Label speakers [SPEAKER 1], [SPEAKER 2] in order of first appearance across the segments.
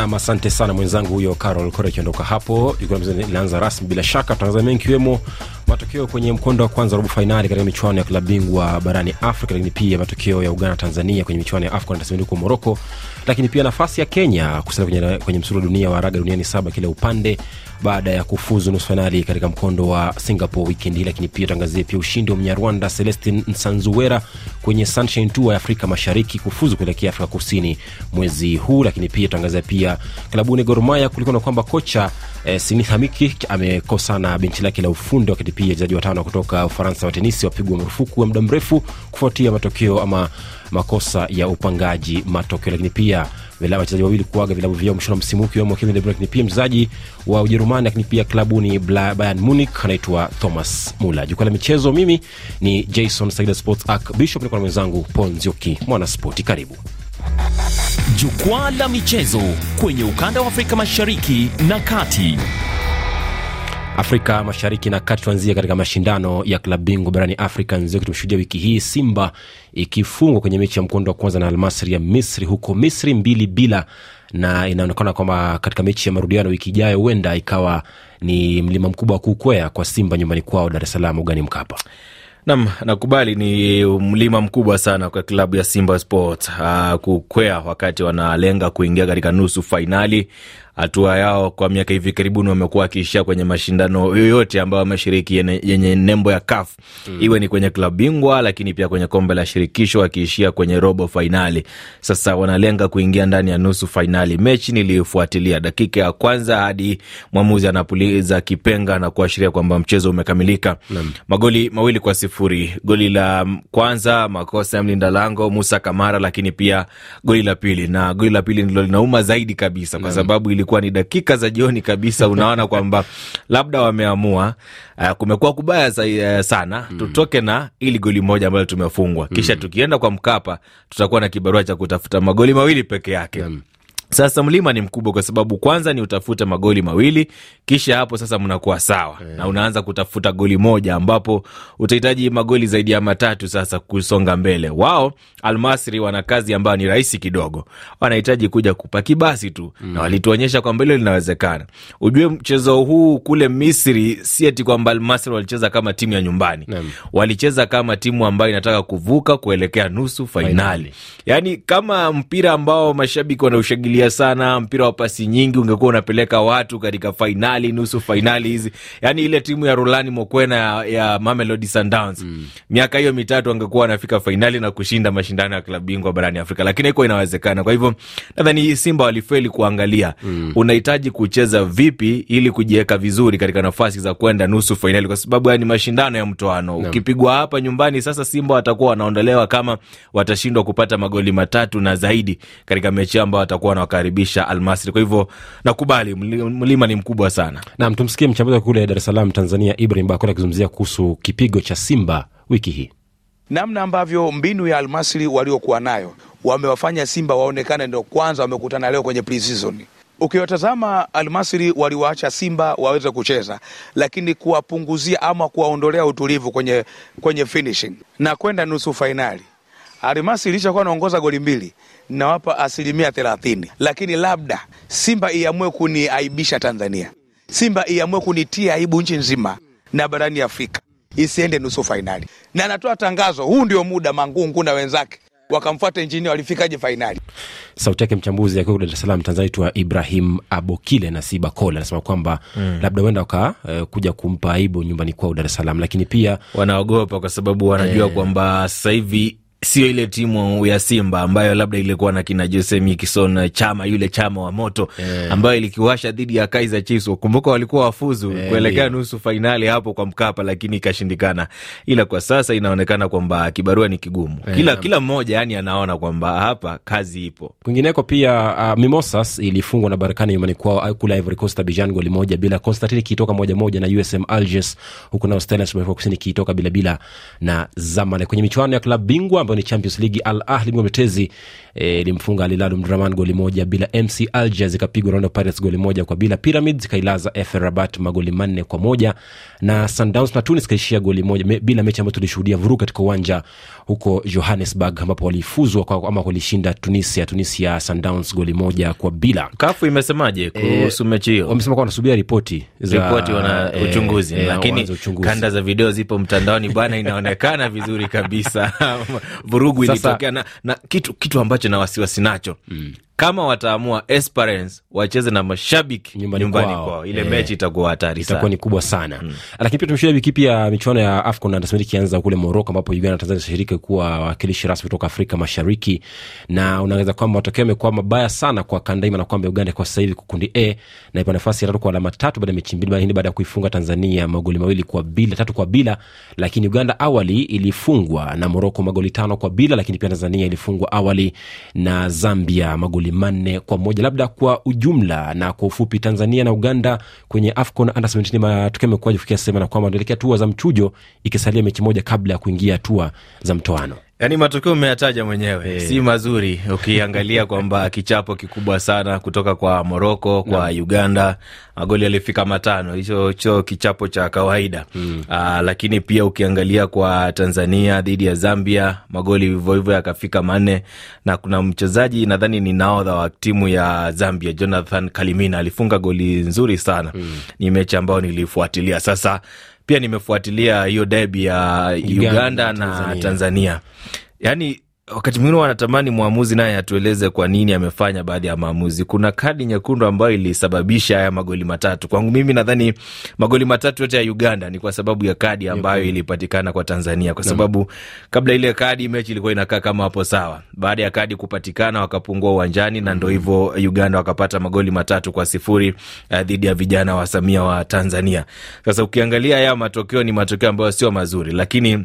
[SPEAKER 1] nam asante sana mwenzangu huyo carol kore akiondoka hapo jukwaa inaanza rasmi bila shaka tutangazaa mengi ikiwemo Matokeo kwenye mkondo wa kwanza wa robo fainali katika michuano ya klabu bingwa barani Afrika, lakini pia matokeo ya Uganda Tanzania kwenye michuano ya AFCON itasimini huko Moroko, lakini pia nafasi ya Kenya kusali kwenye, kwenye msuru wa dunia wa raga duniani saba kila upande baada ya kufuzu nusu fainali katika mkondo wa Singapore wikendi hii. Lakini pia tuangazie pia ushindi wa Mnyarwanda Celestin Nsanzuwera kwenye Sunshine Tour ya Afrika Mashariki kufuzu kuelekea Afrika Kusini mwezi huu. Lakini pia tuangazia pia klabuni gormaya Mahia, kulikuwa na kwamba kocha eh, sinihamiki amekosa na benchi lake la ufundi wakati ATP wachezaji watano kutoka Ufaransa wa tenisi wapigwa marufuku ya muda mrefu kufuatia matokeo ama makosa ya upangaji matokeo, lakini pia vilabu wachezaji wawili kuaga vilabu vyao mwishoni wa msimu huu ikiwemo Kevin De Bruyne, lakini pia mchezaji wa Ujerumani, lakini pia klabuni Bayern Munich anaitwa Thomas Muller. Jukwaa la michezo, mimi ni Jason Sagida, sports arc bishop, niko na mwenzangu Ponzioki mwana spoti. Karibu jukwaa la michezo kwenye ukanda wa Afrika mashariki na kati. Afrika Mashariki na Kati, tuanzia katika mashindano ya klabu bingwa barani Afrika. Nzio tumeshuhudia wiki hii Simba ikifungwa kwenye mechi ya mkondo wa kwanza na Almasri ya Misri huko Misri mbili bila, na inaonekana kwamba katika mechi ya marudiano wiki ijayo huenda ikawa ni mlima mkubwa wa kuukwea kwa Simba nyumbani kwao Dar es Salaam, ugani Mkapa.
[SPEAKER 2] Nam, nakubali ni mlima mkubwa sana kwa klabu ya Simba Sports ah, kukwea wakati wanalenga kuingia katika nusu fainali hatua yao kwa miaka hivi karibuni wamekuwa wakiishia kwenye mashindano yoyote ambayo wameshiriki yenye yenye nembo ya CAF mm. iwe ni kwenye klabu bingwa, lakini pia kwenye kombe la shirikisho, wakiishia kwenye robo fainali. Sasa wanalenga kuingia ndani ya nusu fainali. Mechi niliyofuatilia dakika ya kwanza hadi mwamuzi anapuliza kipenga na kuashiria kwamba mchezo umekamilika mm. magoli mawili kwa sifuri. Goli la kwanza makosa ya mlinda lango Musa Kamara, lakini pia goli la pili, na goli la pili ndilo linauma zaidi kabisa kwa sababu ili ilikuwa ni dakika za jioni kabisa, unaona kwamba labda wameamua uh, kumekuwa kubaya za, uh, sana mm. tutoke na ili goli moja ambalo tumefungwa, kisha mm. tukienda kwa Mkapa tutakuwa na kibarua cha kutafuta magoli mawili peke yake mm. Sasa mlima ni mkubwa kwa sababu kwanza ni utafute magoli mawili, kisha hapo sasa mnakuwa sawa yeah, na unaanza kutafuta goli moja, ambapo utahitaji magoli zaidi ya matatu sasa kusonga mbele. Wao Almasri wana kazi ambayo ni rahisi kidogo, wanahitaji kuja kupa kibasi tu mm, na walituonyesha kwamba hilo linawezekana. Ujue mchezo huu kule Misri si eti kwamba Almasri walicheza kama timu ya nyumbani yeah, walicheza kama timu ambayo inataka kuvuka kuelekea nusu fainali, yani kama mpira ambao mashabiki wanaushangilia ukifuatilia sana mpira wa pasi nyingi, ungekuwa unapeleka watu katika fainali, nusu fainali hizi, yani ile timu ya Rulani Mokwena ya, ya Mamelodi Sundowns mm. miaka hiyo mitatu angekuwa anafika fainali na kushinda mashindano ya klabu bingwa barani Afrika, lakini haikuwa inawezekana. Kwa hivyo nadhani Simba walifeli kuangalia mm. unahitaji kucheza vipi ili kujiweka vizuri katika nafasi za kwenda nusu fainali, kwa sababu yani mashindano ya mtoano. No. Ukipigwa hapa nyumbani, sasa Simba watakuwa wanaondolewa kama watashindwa kupata magoli matatu na zaidi katika mechi ambayo watakuwa na anawakaribisha Almasri. Kwa hivyo nakubali mlima ni mkubwa sana.
[SPEAKER 1] Nam, tumsikie mchambuzi wa kule Dar es Salaam, Tanzania, Ibrahim Bakora akizungumzia kuhusu kipigo cha Simba wiki hii,
[SPEAKER 2] namna ambavyo mbinu ya Almasri waliokuwa nayo wamewafanya Simba waonekane ndo kwanza wamekutana leo kwenye pre-season. Ukiwatazama Almasri waliwaacha Simba waweze kucheza, lakini kuwapunguzia ama kuwaondolea utulivu kwenye, kwenye finishing na kwenda nusu fainali. Almasri ilishakuwa anaongoza goli mbili, nawapa asilimia thelathini, lakini labda Simba iamue kuniaibisha Tanzania, Simba iamue kunitia aibu nchi nzima na barani Afrika, isiende nusu fainali. Na anatoa tangazo, huu ndio muda Mangungu na wenzake wakamfuata injinia walifikaje fainali.
[SPEAKER 1] Sauti yake mchambuzi akiwa Dar es Salaam Tanzania twa Ibrahim Abokile na Siba Kola anasema kwamba mm, labda huenda wakakuja eh, uh, kumpa aibu nyumbani kwao Dar es Salaam, lakini pia
[SPEAKER 2] wanaogopa kwa sababu wanajua yeah, kwamba sasa hivi sio ile timu ya Simba ambayo labda ilikuwa na kina Jose Mikison Chama, yule Chama wa moto yeah, ambayo ilikiwasha dhidi ya Kaizer Chiefs. Kumbuka walikuwa wafuzu yeah, kuelekea yeah, nusu fainali hapo kwa Mkapa, lakini ikashindikana. Ila kwa sasa inaonekana kwamba kibarua ni kigumu yeah, kila kila mmoja yani anaona kwamba hapa kazi ipo.
[SPEAKER 1] Kwingineko pia uh, Mimosas ilifungwa na Barakani nyumbani kwao kule Ivory Coast Abidjan goli moja bila, Constantine kitoka moja moja na USM Alges huku nao Stellenbosch kusini ikitoka bila bila na Zamalek kwenye michuano ya klabu bingwa ambayo ni champions league al ahli mtetezi e, ilimfunga e, alilalu mdraman goli moja bila mc alger zikapigwa rwanda pirates goli moja kwa bila pyramid zikailaza f rabat magoli manne kwa moja na sundowns na tunis kaishia goli moja me, bila mechi ambayo tulishuhudia vurugu katika uwanja huko johannesburg ambapo walifuzwa kwa, ama walishinda tunisia tunisia sundowns goli moja kwa bila
[SPEAKER 2] kafu imesemaje e, kuhusu
[SPEAKER 1] e, mechi hiyo wamesema kuwa wanasubia ripoti za ripoti wana e, uchunguzi e, lakini uchunguzi. kanda
[SPEAKER 2] za video zipo mtandaoni bwana inaonekana vizuri kabisa vurugu ilitokea na, na kitu, kitu ambacho na wasiwasi nacho mm kama wataamua Esperance wacheze na mashabiki nyumbani, nyumbani kwao, kwao, ile e, mechi eh, itakuwa hatari sana, itakuwa ni
[SPEAKER 1] kubwa sana mm. Lakini pia tumeshuhudia wiki ya michuano ya AFCON na Tasmania ikianza kule Morocco, ambapo Uganda na Tanzania zitashiriki kuwa wakilishi rasmi kutoka Afrika Mashariki, na unaweza kwamba matokeo yamekuwa mabaya sana kwa kandaima, na kwamba Uganda kwa sasa hivi kundi A na ipo nafasi ya tatu kwa alama tatu baada ya mechi mbili, baada ya kuifunga Tanzania magoli mawili kwa bila tatu kwa bila, lakini Uganda awali ilifungwa na Morocco magoli tano kwa bila, lakini pia Tanzania ilifungwa awali na Zambia magoli magoli manne kwa moja. Labda kwa ujumla na kwa ufupi, Tanzania na Uganda kwenye AFCON under matokeo amekuwaje kufikia sema na kwamba naelekea hatua za mchujo, ikisalia mechi moja kabla ya kuingia hatua za mtoano?
[SPEAKER 2] Yaani matokeo umeyataja mwenyewe yeah. Si mazuri ukiangalia kwamba kichapo kikubwa sana kutoka kwa Moroko kwa no. Uganda magoli yalifika matano, hicho cho kichapo cha kawaida mm. Aa, ah, lakini pia ukiangalia kwa Tanzania dhidi ya Zambia magoli hivyo hivyo yakafika manne, na kuna mchezaji nadhani ni naodha wa timu ya Zambia Jonathan Kalimina alifunga goli nzuri sana mm. Ni mechi ambayo nilifuatilia sasa pia nimefuatilia hiyo debi ya Uganda, Uganda na Tanzania, Tanzania. Yani wakati mwingine wanatamani mwamuzi naye atueleze kwa nini amefanya baadhi ya maamuzi. Kuna kadi nyekundu ambayo ilisababisha haya magoli matatu. Kwangu mimi nadhani magoli matatu yote ya Uganda ni kwa sababu ya kadi ambayo ilipatikana kwa Tanzania, kwa sababu kabla ile kadi mechi ilikuwa inakaa kama hapo sawa. Baada ya kadi kupatikana, wakapungua uwanjani na ndo mm. hivyo Uganda wakapata magoli matatu kwa sifuri eh, dhidi ya vijana wa Samia wa Tanzania. Sasa ukiangalia haya matokeo ni matokeo ambayo sio mazuri, lakini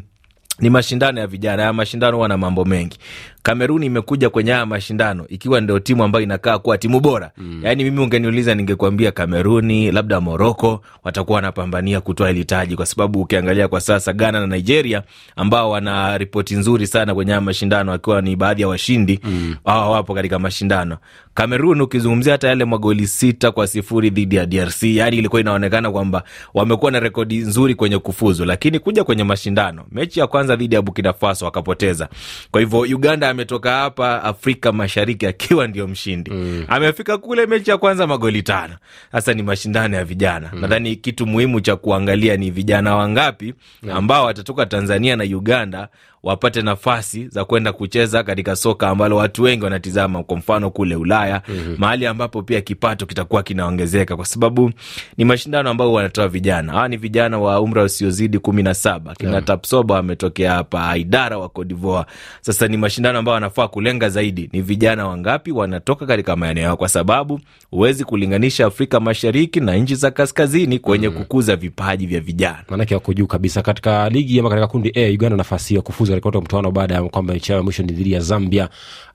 [SPEAKER 2] ni mashindano ya vijana. Haya mashindano huwa na mambo mengi. Kameruni imekuja kwenye haya mashindano ikiwa ndio timu ambayo inakaa kuwa timu bora mm. Yaani mimi ungeniuliza, ningekuambia Kameruni, labda Moroko watakuwa wanapambania kutoa hili taji, kwa sababu ukiangalia kwa sasa Ghana na Nigeria ambao wana ripoti nzuri sana kwenye haya mashindano, akiwa ni baadhi ya washindi mm. Wao wapo katika mashindano. Kamerun ukizungumzia hata yale magoli sita kwa sifuri dhidi ya DRC, yani ilikuwa inaonekana kwamba wamekuwa na rekodi nzuri kwenye kufuzu, lakini kuja kwenye mashindano, mechi ya kwanza dhidi ya Burkina Faso wakapoteza. Kwa hivyo Uganda ametoka hapa Afrika Mashariki akiwa ndio mshindi mm. Amefika kule mechi ya kwanza magoli tano. Sasa ni mashindano ya vijana mm. Nadhani kitu muhimu cha kuangalia ni vijana wangapi ambao watatoka Tanzania na Uganda wapate nafasi za kwenda kucheza katika soka ambalo watu wengi wanatizama, kwa mfano kule Ulaya mm-hmm. mahali ambapo pia kipato kitakuwa kinaongezeka, kwa sababu ni mashindano ambayo wanatoa vijana. Hawa ni vijana wa umri usiozidi kumi na saba kina yeah. Tapsoba wametokea hapa Aidara wa Kodivoa. Sasa ni mashindano ambayo wanafaa kulenga zaidi ni vijana wangapi wanatoka katika maeneo yao, kwa sababu huwezi kulinganisha Afrika Mashariki na nchi za kaskazini kwenye mm-hmm. kukuza vipaji vya
[SPEAKER 1] vijana, maanake wako juu kabisa katika ligi ama katika kundi A. Uganda nafasi ya kufuza walikuwa mtoano baada ya kwamba mechi yao ya mwisho ni dhidi ya Zambia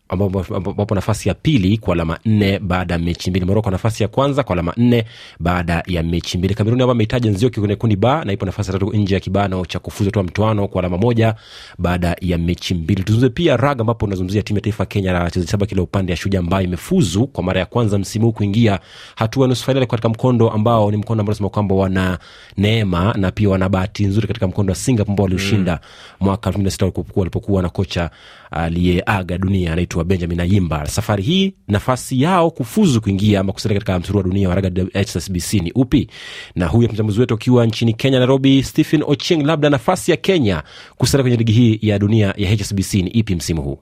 [SPEAKER 1] ambapo nafasi ya pili kwa alama nne baada ya mechi mbili. Moroko nafasi ya kwanza kwa alama nne baada ya mechi mbili. Kameruni ambao amehitaji Nzioki kwenye kundi ba na ipo nafasi ya tatu nje ya kibano cha kufuza toa mtoano kwa alama moja baada ya mechi mbili. Tuzungumze pia raga, ambapo unazungumzia timu ya taifa Kenya na wachezaji saba kila upande ya Shujaa ambayo imefuzu kwa mara ya kwanza msimu huu kuingia hatua ya nusu fainali katika mkondo ambao ni mkondo ambao nasema kwamba wana neema na pia wana bahati nzuri katika mkondo wa Singapore ambao waliushinda mm, mwaka elfu mbili na sita walipokuwa na kocha aliyeaga dunia anaitwa Benjamin Ayimba. Safari hii nafasi yao kufuzu kuingia ama kusalia katika msururu wa dunia wa raga HSBC ni upi? Na huyu mchambuzi wetu akiwa nchini Kenya, Nairobi, Stephen Ocheng, labda nafasi ya Kenya kusalia kwenye ligi hii ya dunia ya HSBC ni ipi msimu huu?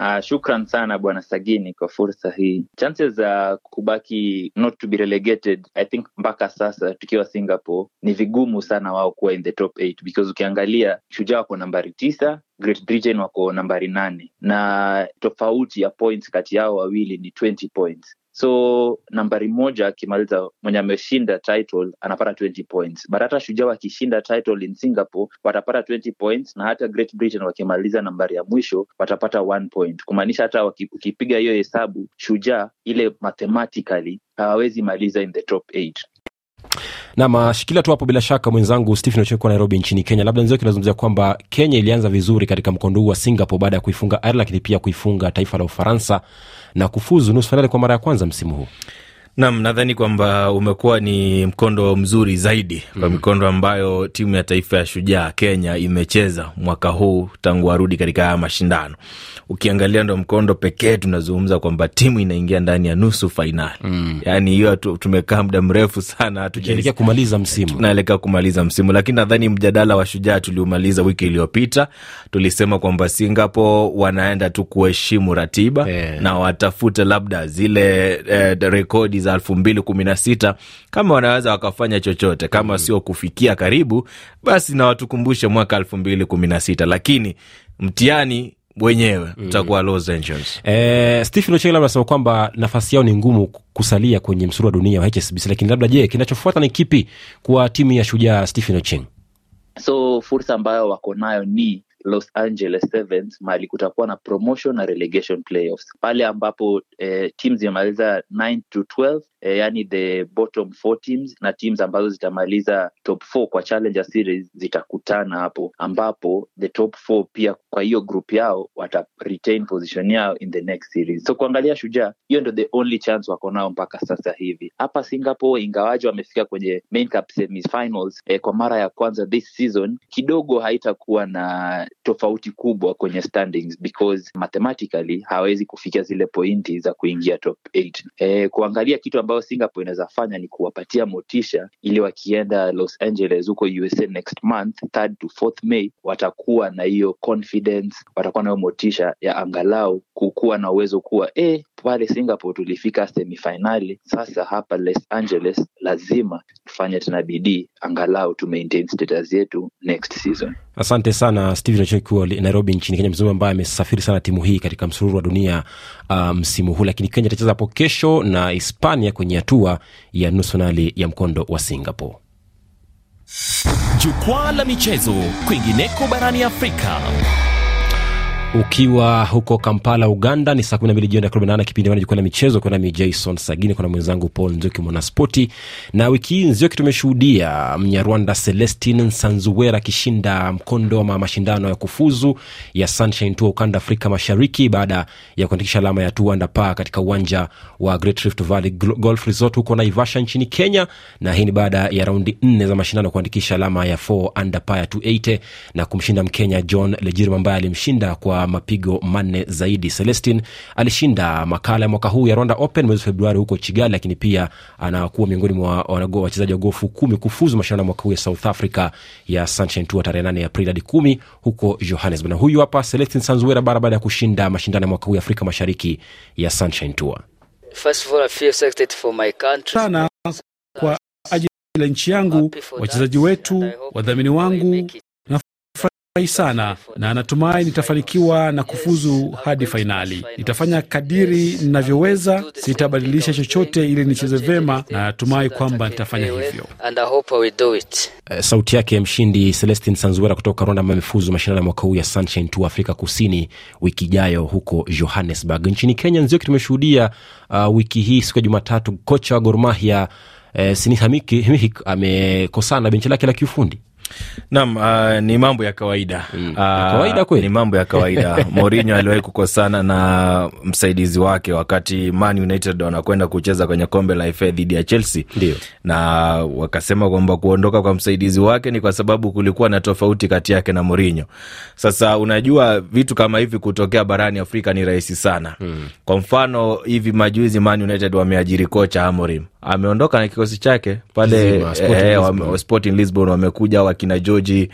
[SPEAKER 3] Uh, shukran sana Bwana Sagini kwa fursa hii. Chances za uh, kubaki not to be relegated, I think mpaka sasa tukiwa Singapore ni vigumu sana wao kuwa in the top 8 because ukiangalia Shujaa wako nambari tisa, Great Britain wako nambari nane na tofauti ya points kati yao wawili ni 20 points so nambari moja akimaliza mwenye ameshinda title anapata 20 points but hata shujaa wakishinda title in singapore watapata 20 points na hata great britain wakimaliza nambari ya mwisho watapata 1 point kumaanisha hata ukipiga hiyo hesabu shujaa ile mathematically hawawezi maliza in the top 8
[SPEAKER 1] Nam ah, shikilia tu hapo, bila shaka mwenzangu Stephen Ocheko Nairobi nchini Kenya. Labda nzio kinazungumzia kwamba Kenya ilianza vizuri katika mkondo huu wa Singapore baada ya kuifunga Ireland, lakini pia kuifunga taifa la Ufaransa na kufuzu nusu fainali kwa mara ya kwanza msimu huu.
[SPEAKER 2] Nam, nadhani kwamba umekuwa ni mkondo mzuri zaidi kwa mm. mikondo ambayo timu ya taifa ya Shujaa Kenya imecheza mwaka huu tangu arudi katika haya mashindano. Ukiangalia ndo mkondo pekee tunazungumza kwamba timu inaingia ndani ya nusu fainali mm. yaani hiyo tumekaa muda mrefu sana hatujaelekea kumaliza msimu, tunaelekea kumaliza msimu, lakini nadhani mjadala wa Shujaa tuliumaliza wiki iliyopita. Tulisema kwamba Singapore wanaenda tu kuheshimu ratiba yeah. na watafute labda zile eh, rekodi za za elfu mbili kumi na sita kama wanaweza wakafanya chochote kama mm. sio kufikia karibu, basi nawatukumbushe mwaka elfu mbili kumi na sita lakini mtihani wenyewe mm. utakuwa mm. Los Angeles.
[SPEAKER 1] Eh, Stephen labda anasema kwamba nafasi yao ni ngumu kusalia kwenye msuru wa dunia wa HSBC, lakini labda, je, kinachofuata ni kipi kwa timu ya Shujaa? Stephen Ochieng:
[SPEAKER 3] so fursa ambayo wako nayo ni Los Angeles Sevens, mahali kutakuwa na promotion na relegation playoffs, pale ambapo eh, teams zimemaliza 9 to 12 eh, yani the bottom four teams na teams ambazo zitamaliza top four kwa Challenger Series zitakutana hapo, ambapo the top four pia kwa hiyo group yao wata retain position yao in the next series. So kuangalia Shujaa, hiyo ndo the only chance wako nao mpaka sasa hivi. Hapa Singapore, ingawaji wamefika kwenye main cup semifinals eh, kwa mara ya kwanza this season, kidogo haitakuwa na tofauti kubwa kwenye standings because mathematically hawezi kufikia zile pointi za kuingia top 8. Eh, kuangalia kitu ambayo Singapore inaweza fanya ni kuwapatia motisha ili wakienda Los Angeles huko USA next month, third to fourth May, watakuwa na hiyo confidence, watakuwa na hiyo motisha ya angalau kukuwa na uwezo kuwa eh, pale Singapore tulifika semifinali. Sasa hapa Los Angeles lazima tufanye tena bidii angalau tu yetu next season.
[SPEAKER 1] Asante sana stehen Nachoki Nairobi nchini Kenya, mchezaji ambaye amesafiri sana timu hii katika msururu wa dunia ah, msimu um, huu. Lakini Kenya itacheza hapo kesho na Hispania kwenye hatua ya nusu fainali ya mkondo wa Singapore. Jukwaa la michezo kwingineko barani Afrika ukiwa huko Kampala, Uganda ni saa 12 jioni ya 48, kipindi mana jukwaa la michezo kuna mi Jason Sagini, kuna mwenzangu Paul Nzioki mwanaspoti. Na wiki hii Nzioki, tumeshuhudia Mnyarwanda Celestin Sanzuwera akishinda mkondo wa mashindano ya kufuzu ya Sunshine Tour ukanda Afrika Mashariki baada ya kuandikisha alama ya 200 katika uwanja wa Great Rift Valley Golf Resort huko Naivasha nchini Kenya, na hii ni baada ya raundi nne za mashindano kuandikisha alama ya 4 ya 280 na kumshinda Mkenya John Lejirima ambaye alimshinda kwa mapigo manne zaidi. Celestin alishinda makala ya mwaka huu ya Rwanda Open mwezi Februari huko chigali lakini pia anakuwa miongoni mwa wachezaji wa gofu kumi kufuzu mashindano ya mwaka huu ya South Africa ya Sunshine Tour tarehe 8 Aprili hadi kumi huko Johannesburg. Na huyu hapa Celestin Sanzuera bara baada ya kushinda mashindano ya mwaka huu ya Afrika Mashariki ya Sunshine Tour. Sana kwa ajili ya nchi yangu, wachezaji wetu, wadhamini wangu Furahi sana na natumai nitafanikiwa na kufuzu hadi fainali. Nitafanya kadiri ninavyoweza, sitabadilisha chochote ili nicheze vema na natumai kwamba nitafanya hivyo. Eh, sauti yake mshindi Celestin Sanzuera kutoka Rwanda ambaye amefuzu mashindano ya mwaka huu ya Sunshine Tour Afrika Kusini wiki ijayo huko Johannesburg. Nchini Kenya, Nzioki, tumeshuhudia uh, wiki hii siku ya Jumatatu kocha wa Gor Mahia uh, Sini amekosana benchi
[SPEAKER 2] lake la kiufundi Naam, uh, ni mambo ya kawaida mm. Uh, kawaida kweli, ni mambo ya kawaida Mourinho aliwahi kukosana na msaidizi wake wakati Man United wanakwenda kucheza kwenye kombe la FA dhidi ya Chelsea. Ndiyo. na wakasema kwamba kuondoka kwa msaidizi wake ni kwa sababu kulikuwa na tofauti kati yake na Mourinho. Sasa unajua vitu kama hivi kutokea barani Afrika ni rahisi sana mm. Kwa mfano hivi majuzi Man United wameajiri kocha Amorim, ameondoka na kikosi chake pale eh, eh, Sporting Lisbon, eh, wamekuja waki wakina Joji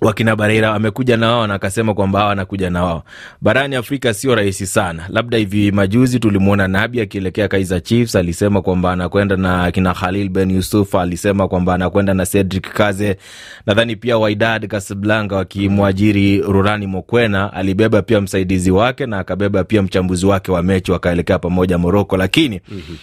[SPEAKER 2] wakina Barreira wamekuja na wao na akasema kwamba hawa anakuja na wao. Barani Afrika sio rahisi sana. Labda hivi majuzi tulimwona Nabi akielekea Kaizer Chiefs, alisema kwamba anakwenda na kina Khalil Ben Yusuf, alisema kwamba anakwenda na Cedric Kaze. Nadhani pia Wydad Casablanca wakimwajiri Rurani Mokwena, alibeba pia msaidizi wake na akabeba pia mchambuzi wake wa mechi, wakaelekea pamoja Moroko, lakini mm-hmm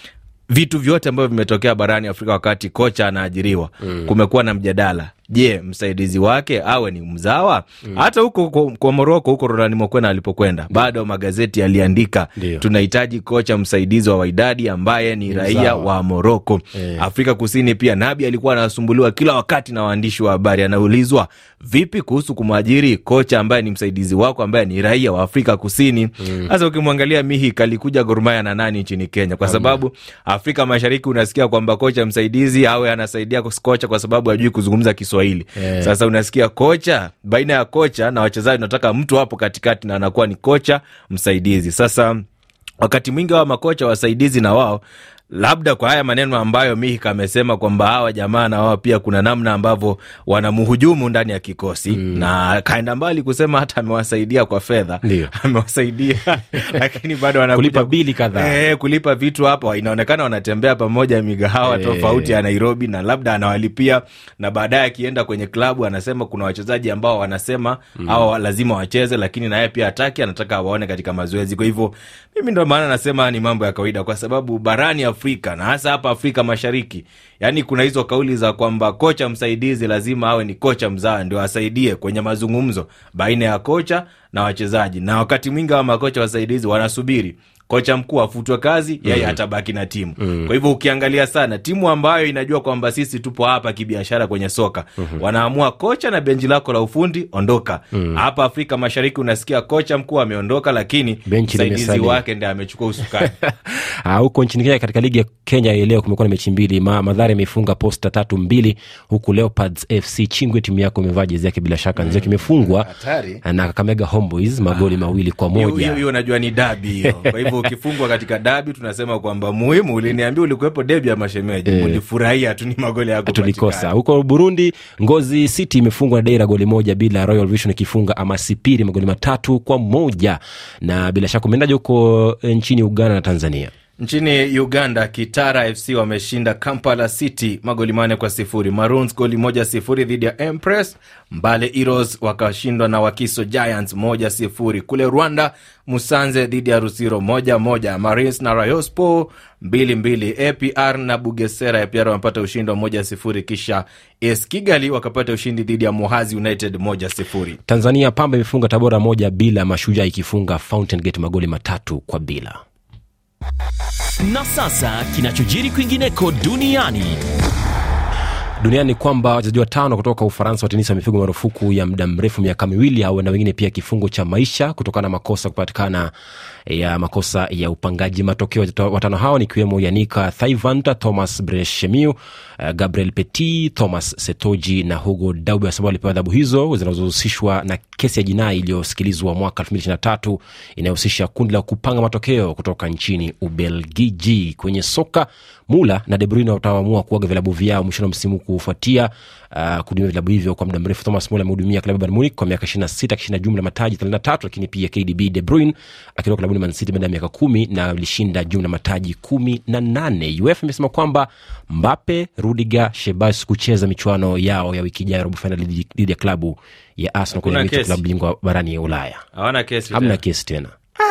[SPEAKER 2] vitu vyote ambavyo vimetokea barani Afrika wakati kocha anaajiriwa mm. kumekuwa na mjadala Je, msaidizi wake awe ni mzawa? Mm. Hata huko kwa, kwa Moroko huko Ronald Mokwena alipokwenda mm. bado magazeti yaliandika tunahitaji kocha msaidizi wa Waidadi ambaye ni raia wa Moroko. E. Eh. Afrika Kusini pia Nabi alikuwa anasumbuliwa kila wakati na waandishi wa habari, anaulizwa vipi kuhusu kumwajiri kocha ambaye ni msaidizi wako ambaye ni raia wa Afrika Kusini. Mm. Sasa mm. ukimwangalia Mihi kalikuja Gor Mahia na nani nchini Kenya, kwa sababu Afrika Mashariki unasikia kwamba kocha msaidizi awe anasaidia kocha kwa sababu ajui kuzungumza Kiswahili Kiswahili yeah. Sasa unasikia kocha baina ya kocha na wachezaji, unataka mtu hapo katikati na anakuwa ni kocha msaidizi. Sasa wakati mwingi wao makocha wasaidizi na wao labda kwa haya maneno ambayo Mihika amesema kwamba hawa jamaa na wao pia kuna namna ambavyo wanamhujumu ndani ya kikosi mm. na kaenda mbali kusema hata amewasaidia kwa fedha, amewasaidia lakini bado wanakulipa bili kadhaa eh, kulipa vitu hapo. Inaonekana wanatembea pamoja migahawa eh, tofauti ya Nairobi, na labda anawalipia na baadaye akienda kwenye klabu anasema kuna wachezaji ambao wanasema mm. hawa lazima wacheze, lakini naye pia hataki, anataka awaone katika mazoezi. Kwa hivyo mimi ndo maana nasema ni mambo ya kawaida kwa sababu barani Afrika Afrika na hasa hapa Afrika Mashariki. Yaani kuna hizo kauli za kwamba kocha msaidizi lazima awe ni kocha mzaa ndio asaidie kwenye mazungumzo baina ya kocha na wachezaji, na wakati mwingi hawa makocha wasaidizi wanasubiri kocha mkuu afutwe kazi, yeye mm. atabaki na timu mm. Kwa hivyo ukiangalia sana timu ambayo inajua kwamba sisi tupo hapa kibiashara kwenye soka mm -hmm. wanaamua kocha na benchi lako la ufundi ondoka hapa mm. Hapa Afrika Mashariki unasikia kocha mkuu ameondoka, lakini msaidizi wake ndiye amechukua usukani
[SPEAKER 1] ah, huko nchini Kenya. Katika ligi ya Kenya leo kumekuwa na mechi mbili, Ma, Madhara imefunga Posta tatu mbili, huku Leopards FC Chingwe, timu yako imevaa jezi yake bila shaka nzio mm. kimefungwa na Kakamega Homeboys magoli ah. mawili kwa moja.
[SPEAKER 2] Hiyo unajua ni dabi hiyo, kwa hivyo ukifungwa katika dabi tunasema kwamba muhimu, uliniambia ulikuwepo debi ya mashemeji e, eh. ulifurahia tu ni magoli yako
[SPEAKER 1] tulikosa. Huko Burundi, Ngozi City imefungwa na Deira goli moja bila, Royal Vision ikifunga Amasipiri magoli matatu kwa moja, na bila shaka umeendaje huko eh, nchini Uganda na Tanzania?
[SPEAKER 2] Nchini Uganda, Kitara FC wameshinda Kampala City magoli mane kwa sifuri. Maroons goli moja sifuri dhidi ya Empress. Mbale Heroes wakashindwa na Wakiso Giants moja sifuri. Kule Rwanda, Musanze dhidi ya Rusiro moja moja. Marines na Rayospo mbili mbili. APR na Bugesera APR wamepata ushindi wa moja sifuri, kisha AS Kigali wakapata ushindi dhidi ya Muhazi United moja sifuri.
[SPEAKER 1] Tanzania Pamba imefunga Tabora moja bila, Mashujaa ikifunga Fountain Gate magoli matatu kwa bila. Na sasa kinachojiri kwingineko duniani duniani kwamba wachezaji watano kutoka Ufaransa wa tenisi wamepigwa marufuku ya muda mrefu, miaka miwili au na wengine pia kifungo cha maisha kutokana na makosa kupatikana ya makosa ya upangaji matokeo. Watano hao ni kiwemo Yanika Thaivanta, Thomas Breshemiu, eh, Gabriel Petit, Thomas Setoji na Hugo Daube, ambao walipewa adhabu hizo zinazohusishwa na kesi ya jinai iliyosikilizwa mwaka tatu inayohusisha kundi la kupanga matokeo kutoka nchini Ubelgiji. Kwenye soka Mula na De Bruyne wataamua kuaga vilabu vyao mwishoni wa msimu kufuatia uh, kudumia vilabu hivyo kwa muda mrefu. Thomas Muller amehudumia klabu ya Bayern Munich kwa miaka 26 akishinda jumla mataji 33, lakini pia KDB De Bruyne akitoka klabuni Man City baada ya miaka kumi na alishinda jumla mataji kumi na nane. UEFA imesema kwamba Mbappe, Rudiger, Shebas kucheza michuano yao ya wiki ijayo robo fainali dhidi ya klabu ya Arsenal kwenye klabu bingwa barani ya Ulaya. Hamna kesi tena.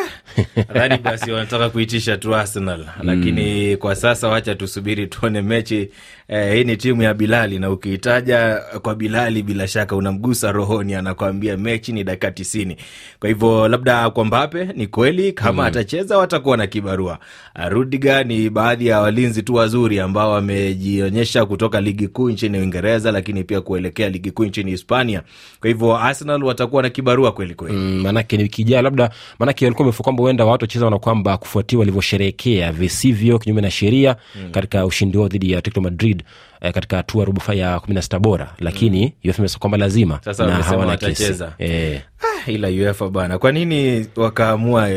[SPEAKER 2] nadhani basi wanataka kuitisha tu Arsenal, lakini mm. kwa sasa wacha tusubiri tuone mechi eh, ni timu ya Bilali na ukiitaja kwa Bilali bila shaka unamgusa rohoni, anakwambia mechi ni dakika tisini. Kwa hivyo labda kwa Mbape ni kweli kama mm. atacheza watakuwa na kibarua. Ah, Rudiga ni baadhi ya walinzi tu wazuri ambao wamejionyesha kutoka ligi kuu nchini Uingereza, lakini pia kuelekea ligi kuu nchini Hispania. Kwa hivyo Arsenal watakuwa na kibarua kweli kweli, mm, maanake
[SPEAKER 1] ni wiki ijayo labda, maanake walikuwa wamefu kwamba huenda watu wacheza na kwamba kufuatia walivyosherehekea visivyo kinyume na sheria mm. katika ushindi wao dhidi ya Atletico Madrid United eh, katika hatua rubufa ya kumi na sita bora, lakini mm. kwamba lazima na hawana kesi eh.
[SPEAKER 2] Ah, ila UEFA bana, kwa nini wakaamua?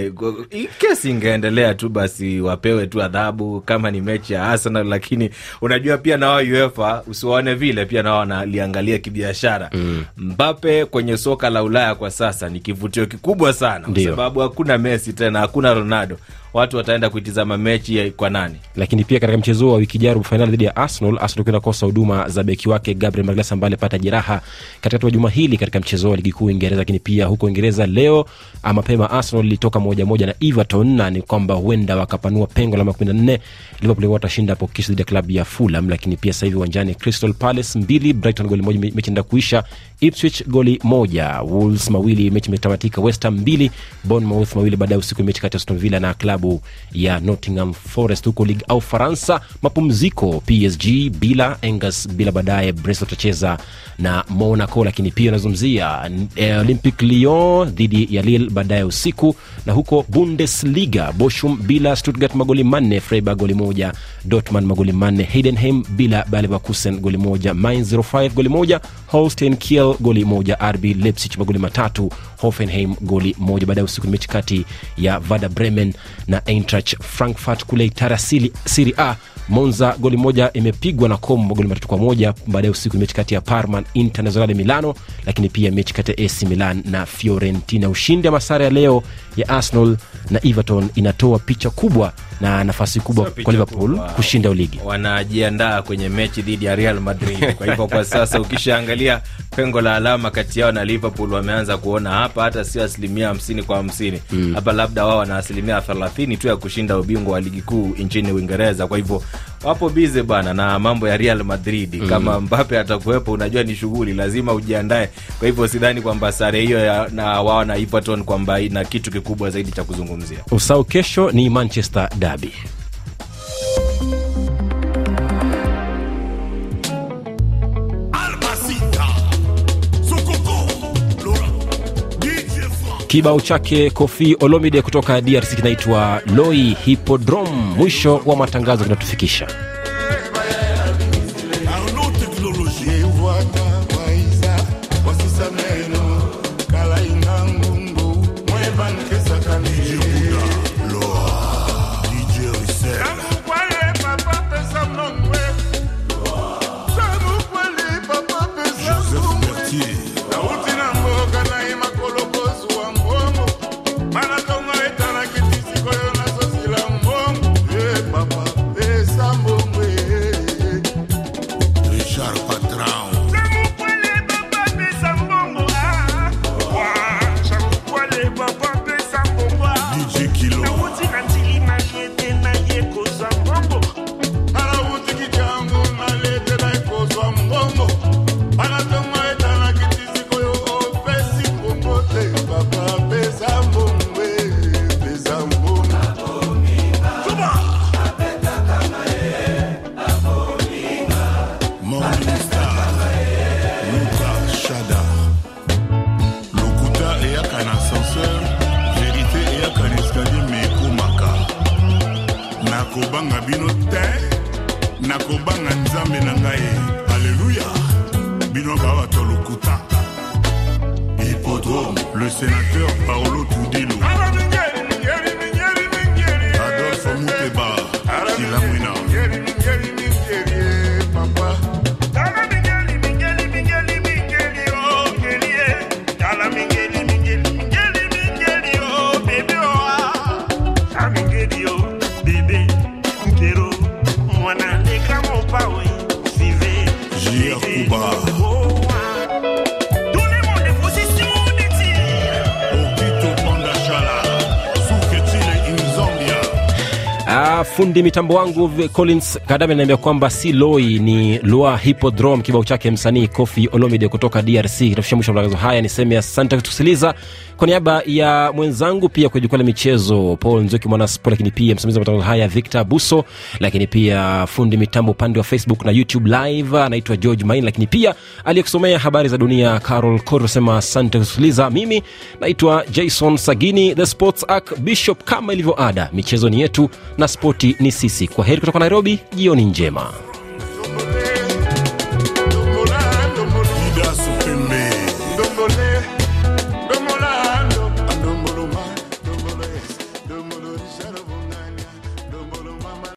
[SPEAKER 2] Kesi ingeendelea tu basi, wapewe tu adhabu kama ni mechi ya Arsenal, lakini unajua pia na UEFA usiwaone vile, pia nao wanaliangalia kibiashara mm. mbape kwenye soka la Ulaya kwa sasa ni kivutio kikubwa sana, kwa sababu hakuna Messi tena, hakuna Ronaldo watu wataenda kuitizama mechi kwa nani?
[SPEAKER 1] Lakini pia katika mchezo wa wiki jaro fainali dhidi ya Arsenal, Arsenal inakosa huduma za beki wake Gabriel Magalhaes ambaye alipata jeraha katikati wa juma hili katika mchezo wa ligi kuu Uingereza, lakini pia huko huko Uingereza leo mapema, Arsenal ilitoka moja moja na Everton, na ni kwamba huenda wakapanua pengo la 14 Liverpool watashinda hapo kesho dhidi ya klabu ya Fulham, lakini pia sasa hivi uwanjani Crystal Palace mbili, Brighton goli moja, mechi inaenda kuisha. Ipswich goli moja, Wolves mawili, mechi imetamatika. West Ham mbili, Bournemouth mawili. Baadaye usiku mechi kati ya Aston Villa na klabu ya Nottingham Forest huko Ligue au Faransa. Mapumziko PSG bila Angers bila, baadaye Brest watacheza na Monaco, lakini pia unazungumzia eh, Olympic Lyon dhidi ya Lille baadaye usiku, na huko Bundesliga Bochum bila Stuttgart magoli manne, Freiburg goli moja moja, Dortmund magoli manne, Heidenheim bila Bayer Leverkusen goli moja, min 05 goli moja, Holstein Kiel goli moja, RB lepsich magoli matatu, Hoffenheim goli moja. Baadaye usiku ni mechi kati ya vada Bremen na eintrach Frankfurt. Kule itara siri A, Monza goli moja imepigwa na com magoli matatu kwa moja. baada ya usiku ni mechi kati ya Parma Internazionale Milano, lakini pia mechi kati ya AC Milan na Fiorentina. Ushindi ya masara ya leo ya Arsenal na Everton inatoa picha kubwa na nafasi kubwa so, kwa Liverpool kubwa, kushinda uligi.
[SPEAKER 2] Wanajiandaa kwenye mechi dhidi ya Real Madrid. Kwa hivyo kwa sasa ukishaangalia pengo la alama kati yao na Liverpool wameanza kuona hapa, hata sio asilimia hamsini kwa hamsini mm. hapa mm. labda wao wana asilimia thelathini tu ya kushinda ubingwa wa ligi kuu nchini Uingereza. Kwa hivyo wapo bize bana na mambo ya Real Madrid mm. Kama Mbappe atakuwepo, unajua ni shughuli, lazima ujiandae. Kwa hivyo sidhani kwamba sare hiyo na wao na Everton kwamba ina kitu kikubwa zaidi cha kuzungumzia.
[SPEAKER 1] Usau kesho ni Manchester da Dhabi. Kibao chake Kofi Olomide kutoka DRC kinaitwa Loi hipodrom Mwisho wa matangazo kinatufikisha
[SPEAKER 3] nakobanga nzambe na ngai alleluya bino babato lokuta hippodrome le sénateur paolo tudilo
[SPEAKER 1] fundi mitambo wangu Collins Kadame anaambia kwamba si loi ni Lua Hippodrome, kibao chake msanii Kofi Olomide kutoka DRC. Tafisha mwisho matangazo haya, niseme asante kutusikiliza. Kwa niaba ya mwenzangu pia kwenye jukwaa la michezo Paul Nzuki mwana sport, lakini pia msimamizi wa matangazo haya Victor Buso, lakini pia fundi mitambo upande wa Facebook na YouTube live anaitwa George Main, lakini pia aliyekusomea habari za dunia Carol Koro. Sema asante kusikiliza. Mimi naitwa Jason Sagini, the sports arc bishop, kama ilivyo ada, michezo ni yetu na sport Spoti ni sisi. Kwa heri kutoka Nairobi, jioni njema.